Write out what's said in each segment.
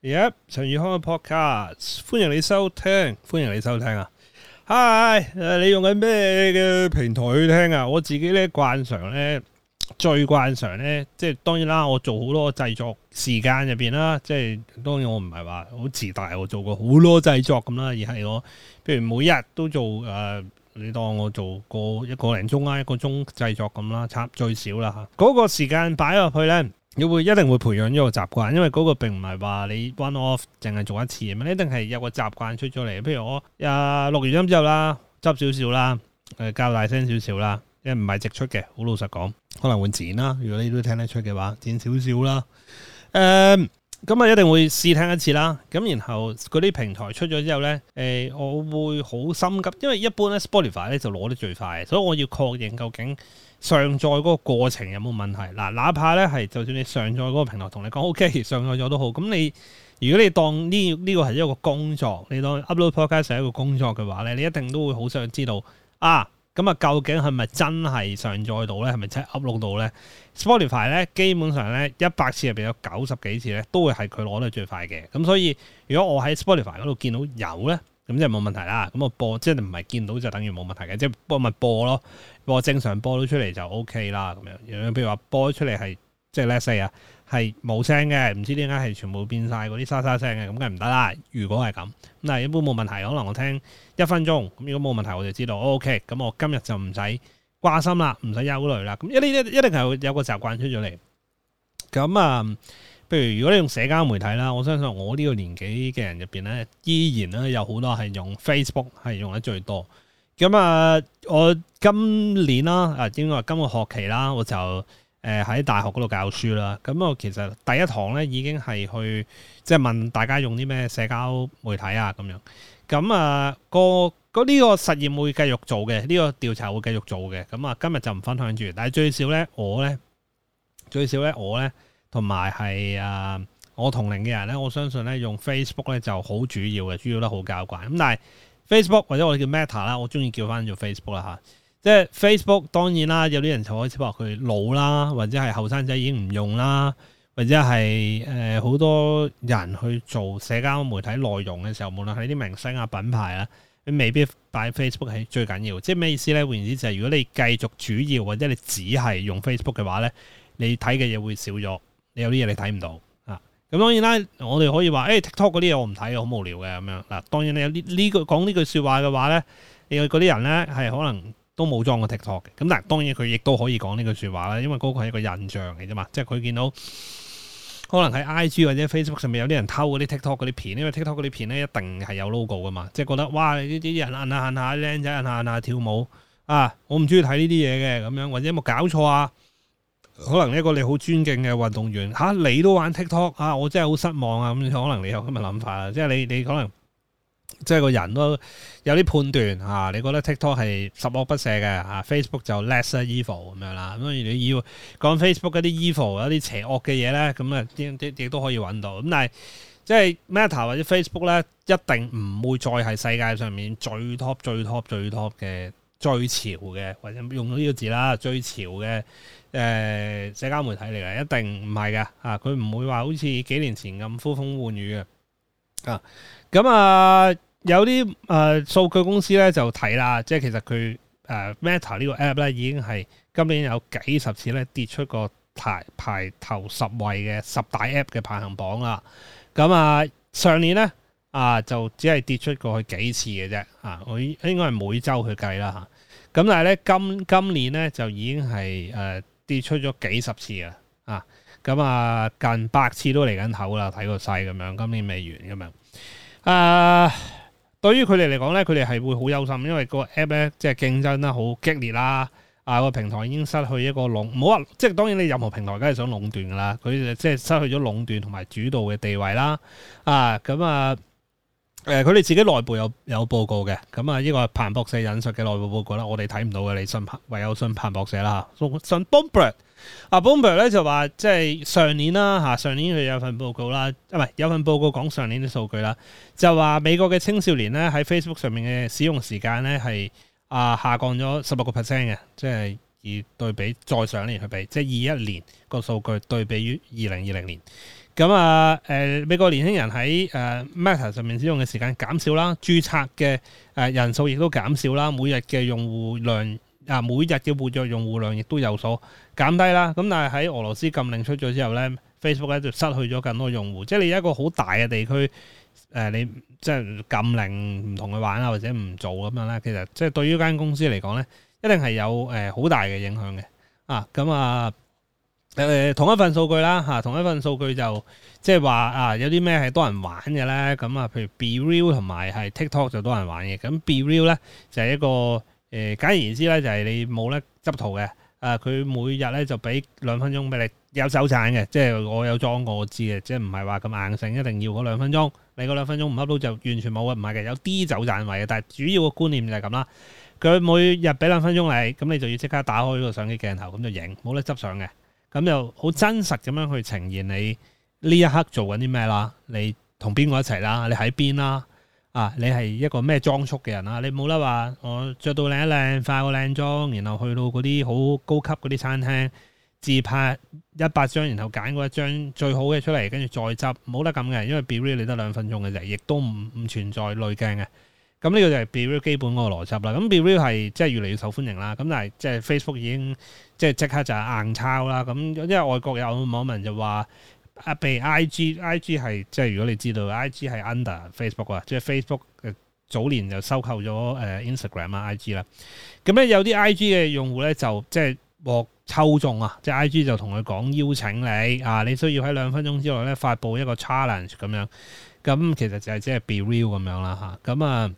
Yep，陳宇康嘅 podcast，歡迎你收聽，歡迎你收聽啊！Hi，誒，你用緊咩嘅平台去聽啊？我自己咧慣常咧，最慣常咧，即係當然啦，我做好多製作時間入邊啦，即係當然我唔係話好自大，我做過好多製作咁啦，而係我譬如每日都做誒、呃，你當我做過一個零鐘啦、啊，一個鐘製作咁啦，插最少啦吓，嗰、那個時間擺落去咧。你會一定會培養呢個習慣，因為嗰個並唔係話你 one off，淨係做一次啊嘛，你一定係有個習慣出咗嚟。譬如我啊錄完音之後啦，執少少啦，誒較大聲少少啦，因為唔係直出嘅，好老實講，可能會剪啦。如果你都聽得出嘅話，剪少少啦。嗯、um。咁啊，一定會試聽一次啦。咁然後嗰啲平台出咗之後呢，誒，我會好心急，因為一般咧 Spotify 咧就攞得最快，所以我要確認究竟上載嗰個過程有冇問題。嗱，哪怕呢係就算你上載嗰個平台同你講 OK，上載咗都好。咁你如果你當呢呢個係一個工作，你當 upload podcast 係一個工作嘅話呢，你一定都會好想知道啊。咁啊，究竟係咪真係上載到咧？係咪真係 upload 到咧？Spotify 咧，基本上咧一百次入邊有九十幾次咧，都會係佢攞得最快嘅。咁所以如果我喺 Spotify 嗰度見到有咧，咁即係冇問題啦。咁啊播，即係你唔係見到就等於冇問題嘅，即係播咪播咯，播正常播到出嚟就 OK 啦。咁樣，譬如話播出嚟係。即係 let's say 啊，係冇聲嘅，唔知點解係全部變晒嗰啲沙沙聲嘅，咁梗係唔得啦。如果係咁，咁但係一般冇問題，可能我聽一分鐘，咁如果冇問題，我就知道，O K，咁我今日就唔使掛心啦，唔使憂慮啦。咁一啲一一定係有有個習慣出咗嚟。咁啊，譬如如果你用社交媒體啦，我相信我呢個年紀嘅人入邊咧，依然咧有好多係用 Facebook 係用得最多。咁啊，我今年啦啊，應該話今個學期啦，我就。誒喺大學嗰度教書啦，咁我其實第一堂咧已經係去即係、就是、問大家用啲咩社交媒體啊咁樣，咁、那、啊個呢個，個實驗會繼續做嘅，呢、這個調查會繼續做嘅，咁啊今日就唔分享住，但係最少咧我咧最少咧我咧同埋係啊我同齡嘅人咧，我相信咧用 Facebook 咧就好主要嘅，主要得好交關，咁但係 Facebook 或者我哋叫 Meta 啦，我中意叫翻做 Facebook 啦嚇。即係 Facebook，當然啦，有啲人就開始話佢老啦，或者係後生仔已經唔用啦，或者係誒好多人去做社交媒體內容嘅時候，無論係啲明星啊、品牌啊，你未必擺 Facebook 係最緊要。即係咩意思咧？換言之就係，如果你繼續主要或者你只係用 Facebook 嘅話咧，你睇嘅嘢會少咗，你有啲嘢你睇唔到啊。咁當然啦，我哋可以話，誒、欸、TikTok 嗰啲嘢我唔睇，好無聊嘅咁樣。嗱、啊，當然、這個、話話你有呢呢句講呢句説話嘅話咧，你嗰啲人咧係可能。都冇裝過 TikTok 嘅，咁但係當然佢亦都可以講呢句説話啦，因為嗰個係一個印象嚟啫嘛，即係佢見到可能喺 IG 或者 Facebook 上面有啲人偷嗰啲 TikTok 嗰啲片，因為 TikTok 嗰啲片咧一定係有 logo 噶嘛，即係覺得哇呢啲人行下行下靚仔行下跳舞啊，我唔中意睇呢啲嘢嘅咁樣，或者有冇搞錯啊？可能一個你好尊敬嘅運動員嚇、啊，你都玩 TikTok 啊，我真係好失望啊！咁可能你有咁嘅諗法啦，即係你你可能。即係個人都有啲判斷嚇、啊，你覺得 TikTok 係十惡不赦嘅嚇、啊、，Facebook 就 less evil 咁樣啦。咁當然你要講 Facebook 嗰啲 evil、有、啊、啲邪惡嘅嘢咧，咁啊亦亦都可以揾到。咁但係即係、就是、Meta 或者 Facebook 咧，一定唔會再係世界上面最 top，最 top，最 top 最、最 top、最 top 嘅最潮嘅或者用呢個字啦，最潮嘅誒、呃、社交媒體嚟嘅，一定唔係嘅啊！佢唔會話好似幾年前咁呼風喚雨嘅啊咁啊～啊啊有啲誒、呃、數據公司咧就睇啦，即係其實佢誒、呃、Meta 呢個 app 咧已經係今年有幾十次咧跌出個排排頭十位嘅十大 app 嘅排行榜啦。咁、嗯、啊上年咧啊就只係跌出過去幾次嘅啫啊，我應該係每週去計啦嚇。咁、啊、但係咧今今年咧就已經係誒、呃、跌出咗幾十次啊，咁啊近百次都嚟緊頭啦，睇過曬咁樣，今年未完咁樣啊。對於佢哋嚟講咧，佢哋係會好憂心，因為個 app 即係競爭咧好激烈啦，啊個平台已經失去一個壟，唔好話即係當然你任何平台梗係想壟斷噶啦，佢哋即係失去咗壟斷同埋主導嘅地位啦，啊咁、嗯、啊，誒佢哋自己內部有有報告嘅，咁啊呢個係彭博社引述嘅內部報告啦，我哋睇唔到嘅，你信彭唯有信彭博社啦信、啊啊 Bloomberg 咧就話即係上年啦吓，上年佢、啊、有份報告啦，唔、啊、係有份報告講上年啲數據啦，就話美國嘅青少年咧喺 Facebook 上面嘅使用時間咧係啊下降咗十六個 percent 嘅，即係以對比再上一年去比，即係二一年個數據對比於二零二零年，咁啊誒、呃、美國年輕人喺誒、呃、Meta 上面使用嘅時間減少啦，注冊嘅誒人數亦都減少啦，每日嘅用戶量。啊，每日嘅活躍用戶量亦都有所減低啦。咁但係喺俄羅斯禁令出咗之後咧，Facebook 咧就失去咗更多用戶。即係你一個好大嘅地區，誒、呃，你即係禁令唔同佢玩啊，或者唔做咁樣咧。其實即係對於間公司嚟講咧，一定係有誒好、呃、大嘅影響嘅。啊，咁啊，誒同一份數據啦嚇，同一份數據,、啊、據就即係話啊，有啲咩係多人玩嘅咧。咁啊，譬如 BeReal 同埋係 TikTok 就多人玩嘅。咁 BeReal 咧就係、是、一個。誒、呃、簡而言之咧，就係、是、你冇得執圖嘅，啊、呃、佢每日咧就俾兩分鐘俾你有手賺嘅，即係我有裝過我知嘅，即係唔係話咁硬性一定要嗰兩分鐘，你嗰兩分鐘唔恰到就完全冇嘅，唔係嘅有啲走盞位嘅，但係主要嘅觀念就係咁啦。佢每日俾兩分鐘你，咁你就要即刻打開個相機鏡頭咁就影，冇得執相嘅，咁就好真實咁樣去呈現你呢一刻做緊啲咩啦，你同邊個一齊啦，你喺邊啦。啊！你係一個咩裝束嘅人啊？你冇得話我着到靚一靚，化個靚妝，然後去到嗰啲好高級嗰啲餐廳自拍一百張，然後揀嗰一張最好嘅出嚟，跟住再執，冇得咁嘅，因為 BeReal 你得兩分鐘嘅啫，亦都唔唔存在濾鏡嘅。咁、嗯、呢、這個就係 BeReal 基本嗰個邏輯啦。咁 BeReal 係即係越嚟越受歡迎啦。咁但係即係 Facebook 已經即係即刻就硬抄啦。咁、嗯、因為外國有網民就話。啊，譬如 I G，I G 係即係如果你知道 I G 係 under Facebook 啊，即係 Facebook 誒早年就收購咗誒、呃、Instagram 啊 I G 啦。咁咧有啲 I G 嘅用戶咧就即係獲抽中啊，即係 I G 就同佢講邀請你啊，你需要喺兩分鐘之內咧發布一個 challenge 咁樣。咁其實就係、是、即係 be real 咁樣啦嚇。咁啊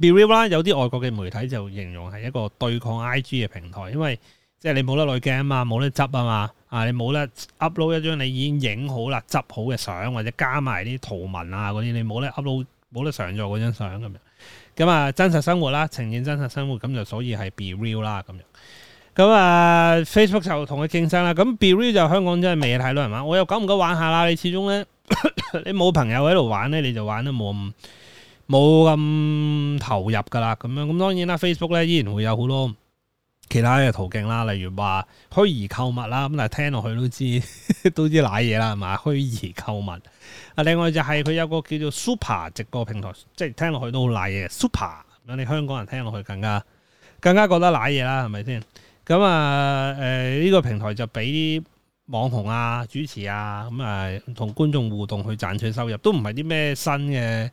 be real 啦，有啲外國嘅媒體就形容係一個對抗 I G 嘅平台，因為。即係你冇得濾鏡啊嘛，冇得執啊嘛，啊你冇得 upload 一張你已經影好啦，執好嘅相，或者加埋啲圖文啊嗰啲，你冇得 upload 冇得上載嗰張相咁樣。咁啊，真實生活啦，呈現真實生活，咁就所以係 be real 啦咁樣。咁啊，Facebook 就同佢競爭啦。咁 be real 就香港真係未睇到人玩，我又夠唔夠玩下啦？你始終咧， 你冇朋友喺度玩咧，你就玩得冇咁冇咁投入㗎啦。咁樣咁當然啦，Facebook 咧依然會有好多。其他嘅途徑啦，例如話虛擬購物啦，咁但係聽落去都知 都知瀨嘢啦，係嘛？虛擬購物啊，另外就係佢有個叫做 Super 直播平台，即係聽落去都好瀨嘢。Super 咁，你香港人聽落去更加更加覺得瀨嘢啦，係咪先？咁啊誒呢個平台就俾啲網紅啊、主持啊，咁啊同觀眾互動去賺取收入，都唔係啲咩新嘅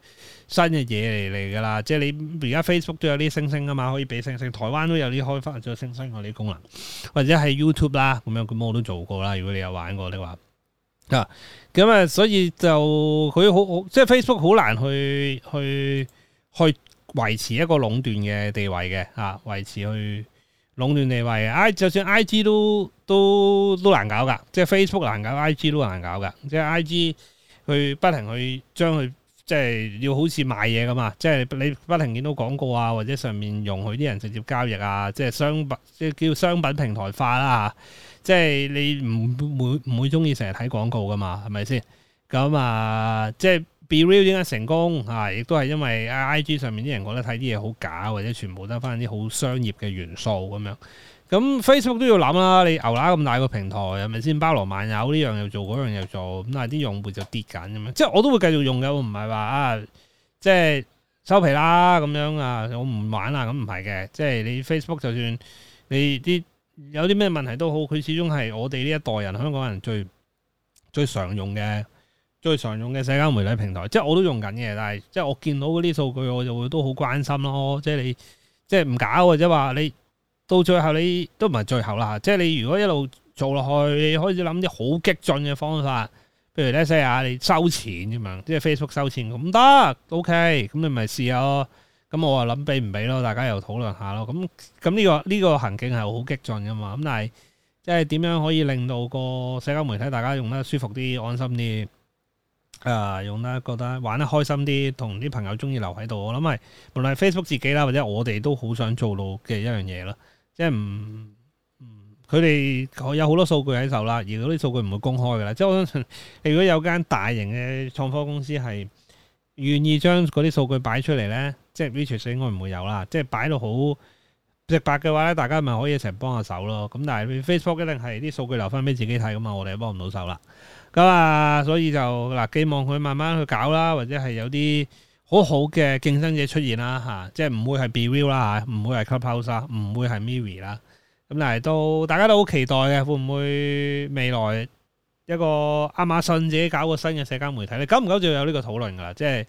新嘅嘢嚟嚟噶啦。即係你而家 Facebook 都有啲星星啊嘛，可以俾星星。台灣都有啲開發咗星星嗰啲功能，或者係 YouTube 啦，咁樣咁我都做過啦。如果你有玩過的，你話啊咁啊、嗯，所以就佢好即係 Facebook 好難去去去維持一個壟斷嘅地位嘅啊，維持去。壟斷地位啊！I 就算 I G 都都都難搞噶，即係 Facebook 難搞，I G 都難搞噶。即係 I G 去不停去將佢，即係要好似賣嘢咁啊！即係你不停見到廣告啊，或者上面容許啲人直接交易啊，即係商品即係叫商品平台化啦。即係你唔會唔會中意成日睇廣告噶嘛？係咪先？咁啊，即係。b real 解成功嚇、啊，亦都係因為 I G 上面啲人覺得睇啲嘢好假，或者全部得翻啲好商業嘅元素咁樣。咁 Facebook 都要諗啦，你牛乸咁大個平台係咪先包羅萬有？呢樣又做，嗰樣又做，咁但係啲用戶就跌緊咁樣。即係我都會繼續用嘅，我唔係話啊，即係收皮啦咁樣啊，我唔玩啦咁，唔係嘅。即係你 Facebook 就算你啲有啲咩問題都好，佢始終係我哋呢一代人香港人最最常用嘅。最常用嘅社交媒體平台，即係我都用緊嘅，但係即係我見到嗰啲數據，我就會都好關心咯。即係你，即係唔搞，或者係話你到最後你都唔係最後啦。即係你如果一路做落去，開始諗啲好激進嘅方法，譬如咧，西亞你收錢咁樣，即係 Facebook 收錢咁唔得。OK，咁你咪試下咯。咁我話諗俾唔俾咯，大家又討論下咯。咁咁呢個呢個行徑係好激進嘅嘛。咁但係即係點樣可以令到個社交媒體大家用得舒服啲、安心啲？啊，用得覺得玩得開心啲，同啲朋友中意留喺度，我諗係無論係 Facebook 自己啦，或者我哋都好想做到嘅一樣嘢咯。即係唔佢哋有好多數據喺手啦，而嗰啲數據唔會公開㗎啦。即係我相信，如果有間大型嘅創科公司係願意將嗰啲數據擺出嚟呢，即係 Virtual、er、應該唔會有啦。即係擺到好。直白嘅話咧，大家咪可以一齊幫一下手咯。咁但係 Facebook 一定係啲數據留翻俾自己睇噶嘛，我哋幫唔到手啦。咁啊，所以就嗱，希望佢慢慢去搞啦，或者係有啲好好嘅競爭者出現啦吓、啊，即係唔會係 BeReal 啦，吓、啊，唔會係 Clubhouse 唔會係 Miri 啦。咁但嚟都大家都好期待嘅，會唔會未來一個亞馬遜自己搞個新嘅社交媒體咧？久唔久就有呢個討論噶啦，即係。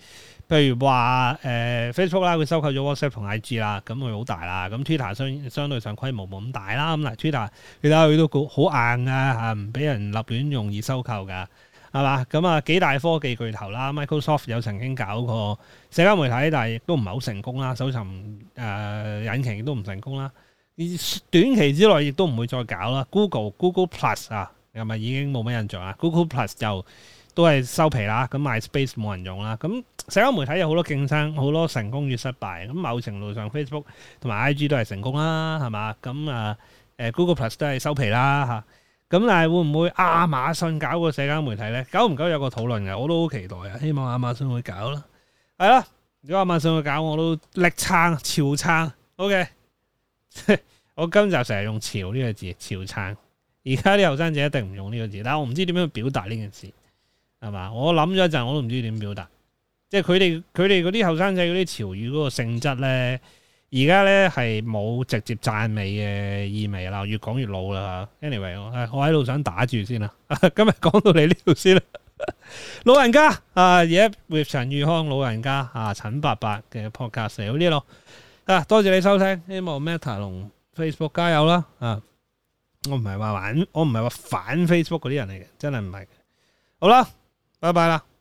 譬如話誒、呃、Facebook 啦，佢收購咗 WhatsApp 同 IG 啦，咁佢好大啦。咁、嗯、Twitter 相相對上規模冇咁大啦。咁、嗯、嗱 Twitter，其他佢都好硬噶嚇，唔、啊、俾人立亂容易收購噶，係嘛？咁、嗯、啊幾大科技巨頭啦，Microsoft 有曾經搞過社交媒體，但亦都唔係好成功啦。搜尋誒、呃、引擎亦都唔成功啦。短期之內亦都唔會再搞啦。Google Google Plus 啊，係咪已經冇咩印象啊？Google Plus 就都係收皮啦。咁 MySpace 冇人用啦。咁、嗯社交媒體有好多競爭，好多成功與失敗。咁某程度上，Facebook 同埋 IG 都係成功啦，係嘛？咁啊，誒 Google Plus 都係收皮啦，嚇、啊。咁但係會唔會亞馬遜搞個社交媒體咧？久唔久有個討論嘅，我都好期待啊！希望亞馬遜會搞啦，係啦。如果亞馬遜會搞，我都力撐，潮撐。OK。 我今集成日用潮呢個字，潮撐。而家啲後生仔一定唔用呢個字，但我唔知點樣表達呢件事係嘛？我諗咗一陣，我都唔知點表達。即係佢哋佢哋嗰啲後生仔嗰啲潮語嗰個性質咧，而家咧係冇直接讚美嘅意味啦，越講越老啦。Anyway，我喺度想打住先啦，今日講到你呢度先啦。老人家啊，而、yeah, 家 with 陳玉康老人家啊，陳伯伯嘅 podcast 呢度啊，多謝你收聽，希望 Meta 同 Facebook 加油啦啊！我唔係話玩，我唔係話反 Facebook 嗰啲人嚟嘅，真係唔係。好啦，拜拜啦。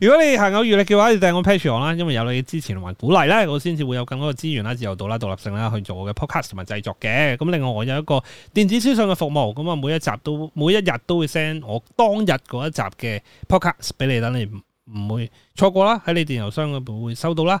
如果你行有餘力嘅話，就訂我 Patreon 啦，因為有你嘅支持同埋鼓勵咧，我先至會有更多嘅資源啦、自由度啦、獨立性啦去做我嘅 podcast 同埋製作嘅。咁另外我有一個電子書信嘅服務，咁啊每一集都每一日都會 send 我當日嗰一集嘅 podcast 俾你，等你唔唔會錯過啦，喺你電郵箱嗰度會收到啦。